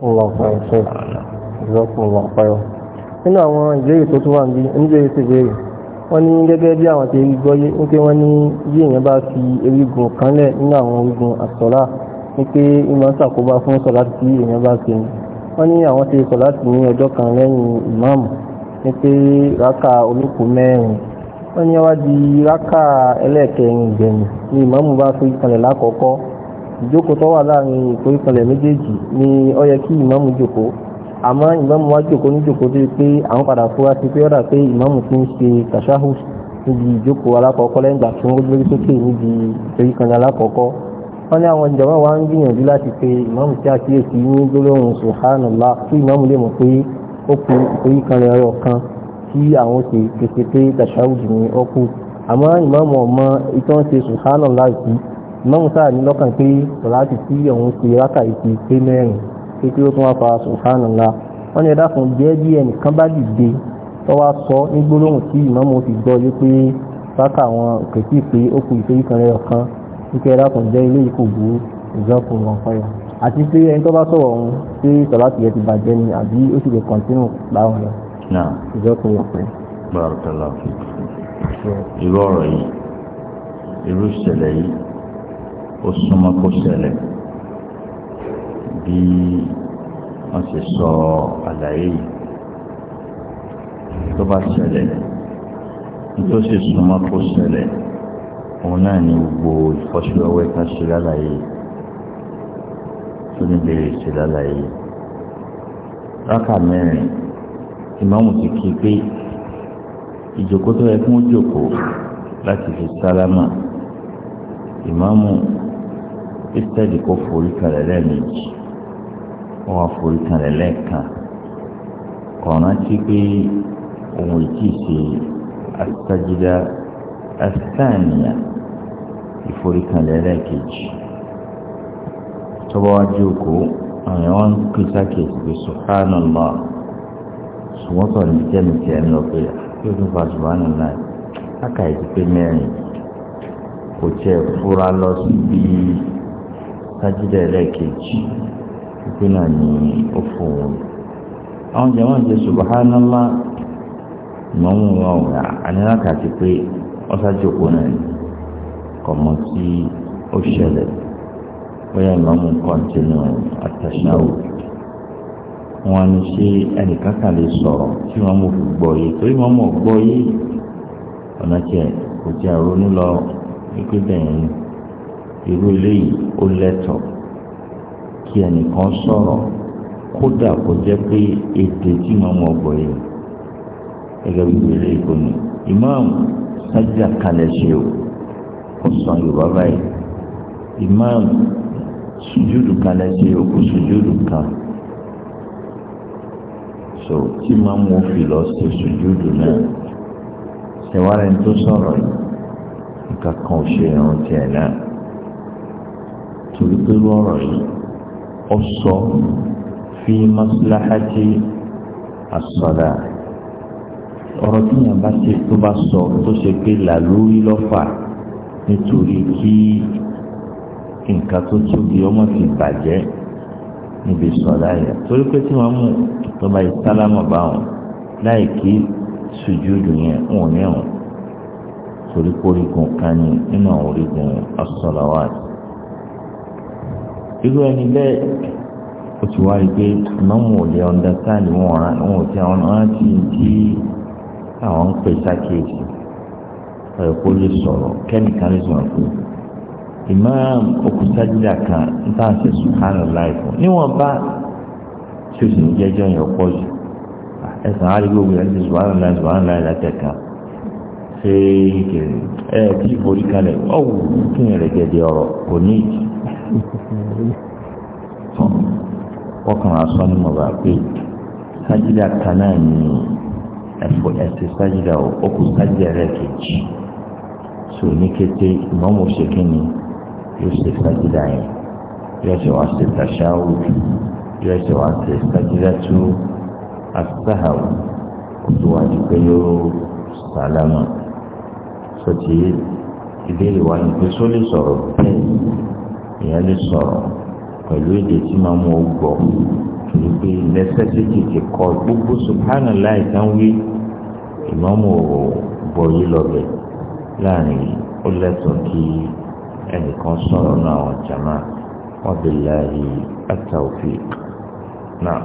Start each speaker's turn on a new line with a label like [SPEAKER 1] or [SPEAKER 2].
[SPEAKER 1] Allahu akbar ṣe ìzọ́kùn Allahu akbar nínú àwọn ìbéèrè tó tún wà ní oníbèrè tó béèrè wọ́n ní gẹ́gẹ́ bí àwọn tèrí gbọ́yé ní pé wọ́n ní bí èèyàn bá fi erígun kanlẹ̀ nínú àwọn orígun àsọ̀lá ní pé ìmọ̀ fún tí ìjókòó tó wà láàrin ìforíkanlẹ̀ méjèèjì ni ó yẹ kí ìmáàmù jókòó àmọ́ ìmáàmù wá jókòó ní jókòó tó yẹ pé àwọn padà fura sí pé ó dà pé ìmáàmù ti ń ṣe tashahud níbi ìjókòó alákọ̀ọ́kọ́ lẹ́yìn ìgbà tí wọ́n gbé sókè níbi ìforíkanlẹ̀ alákọ̀ọ́kọ́ wọ́n ní àwọn ìjọba wa ń gbìyànjú láti pe ìmáàmù tí àkíyèsí ní gbólóhùn subhanallah kí ìmáàmù lè mọ̀ pé ó kù ìforíkanlẹ̀ ọ̀rọ̀ kan tí àwọn ṣe pèsè pé tashahud ni ó kù àmọ́ ìmáàmù ọ̀mọ ìtọ́ ṣe subhanallah yìí mọ́mú sáà ní lọ́kàn pé sọ̀láàtì tí òun ṣe rákà ìpè pé mẹ́rin pé kí ó tún wá fa subhanallah wọ́n ní ẹ̀dá fún jẹ́ bí ẹnìkan bá dìde tó wá sọ ní gbólóhùn tí ìmọ̀mú fi gbọ́ yé pé rákà wọn kò tí ì pé ó kù ìpè kan rẹ̀ ọ̀kan wípé ẹ̀dá fún jẹ́ ilé yìí kò bú ìjọ́kùn wọn fọyọ̀ àti pé ẹni tó bá sọ̀rọ̀ ọ̀hún pé sọ̀láàtì yẹn ti bàjẹ́ ni àbí ó sì lè kọ̀ntínù báwọn lọ ìjọ́kùn wọn pẹ́.
[SPEAKER 2] bárakàlá irú ọ̀rọ̀ yìí irú ìṣẹ̀lẹ̀ yìí ó súnmọ́ kó ṣẹlẹ̀ bí wọ́n ṣe sọ àlàyé yìí tó bá ṣẹlẹ̀ tó sì súnmọ́ kó ṣẹlẹ̀ òun náà ni gbogbo ìfọ́síwẹ́wẹ́ ká ṣe lálàyé tó níbi ìṣe lálàyé rákà mẹ́rin ìmáàmù ti kí pé ìjòkó tó yẹ kí jòkó láti fi sálámà ìmáàmù ìtẹ́jì kó forí kalẹ̀ lẹ́ẹ̀mejì wọ́n wá forí kalẹ̀ lẹ́ẹ̀kan kọ̀ọ̀nà tí pé òun ìtì ṣe àtàjìdá àtàníyà ìforí kalẹ̀ lẹ́ẹ̀kejì tọ́wọ́ wájú òkú àwọn ẹ̀wọ̀n ń pè sákèjì pé subhanallah ṣùgbọ́n tọ̀ ní jẹ́mi tí ẹ̀ ń lọ pé yóò ah, tún fa subhanallah lákàyè ti pé mẹ́rin kò tiẹ̀ fura lọ sí bíi. sájídà ẹlẹ́ẹ̀kejì pípé náà ní ó fún wọn. àwọn jàmáà ń ṣe subhanallah ìmọ̀mú wọn ò àníláka ti pé wọ́n sájókòó náà ní kọ̀mọ́ tí ó ṣẹlẹ̀ bóyá ìmọ̀mú kọ́ńtínú àtàṣáwò wọn ni ṣe ẹnìkan lè sọ̀rọ̀ tí wọ́n mú fi gbọ́ yìí torí wọ́n mọ̀ gbọ́ yìí ọ̀nà kò irú eléyìí ó lẹ́tọ̀ kí ẹnìkan sọ̀rọ̀ kódà kó jẹ́ pé ètè tí màá mọ̀ bọ̀ yìí gẹ́gẹ́ bí ìwé eléyìí kò ní. imam sájà kalẹ̀ ṣe o kò sàn yorùbá báyìí imam sùjúdù kalẹ̀ ṣe o kò sùjúdù kan so tí màá mọ̀ fi lọ sí sùjúdù náà ṣẹ̀wárẹ̀ ń tó sọ̀rọ̀ yìí nǹkan kan ò ṣe ẹ̀rọ tiẹ̀ náà torí pé lọ́rọ̀ yìí ó sọ fi maslahati as-salah ọ̀rọ̀ tí yàn bá ṣe tó bá sọ tó ṣe pé làlórí lọ́fà nítorí kí nǹkan tó tóbi ọmọ ti bàjẹ́ níbi sọ̀dá yẹn torí pé tí wọ́n mú tó bá yìí sálámà bá wọn láì kí sùjúdù yẹn wọn ní wọn torí pé orígun kan ní nínú àwọn orígun as-salawat irú ẹni bẹ́ẹ̀ ó ti wá rí pé mọ́mú ò lè ni wọn ọ̀ràn wọn ò ti àwọn rántí tí àwọn ń pè sákèjì ọ̀rọ̀ kó lè sọ̀rọ̀ kẹ́nìkan lè sọ̀rọ̀ pé imam okusadila kan n ta ṣe sùhánù láìpọ níwọn bá tí o sì ń jẹjọ yẹn pọ̀ jù ẹsàn àríwó wíwá ṣe sùhánù láì sùhánù láì látẹka ṣe kiri ẹ tí ìforí kalẹ̀ ọwọ́ kí n rẹ gẹdẹ ọ̀rọ̀ kò ní ìdí ọkàn asọ ni mo bá pé sájídà kan náà ni ẹfọ ẹsẹ sájídà ó kù sájídà rẹ kejì tó ní kété ìmọ̀mọ́ ṣe kí ni yóò ṣe sájídà yẹn yóò ṣe wá ṣe tàṣáwù yóò ṣe wá ṣe sájídà tó àtàhàwù kó tó wá di pé yóò sàlámà sọtì ìbéèrè wa ni pé sọ̀rọ̀ bẹ́ẹ̀. èèyàn lè sọ̀rọ̀ pẹ̀lú èdè tí màá mú ọ gbọ́ torí pé necessity ti kọ́ gbogbo subhana láì tán wí ìmọ̀mù bọ̀ yí lọ́bẹ̀ láàrin ó lẹ́tọ̀ọ́ kí ẹnìkan sọ̀rọ̀ náà àwọn wọ́n bẹ̀ láàyè náà.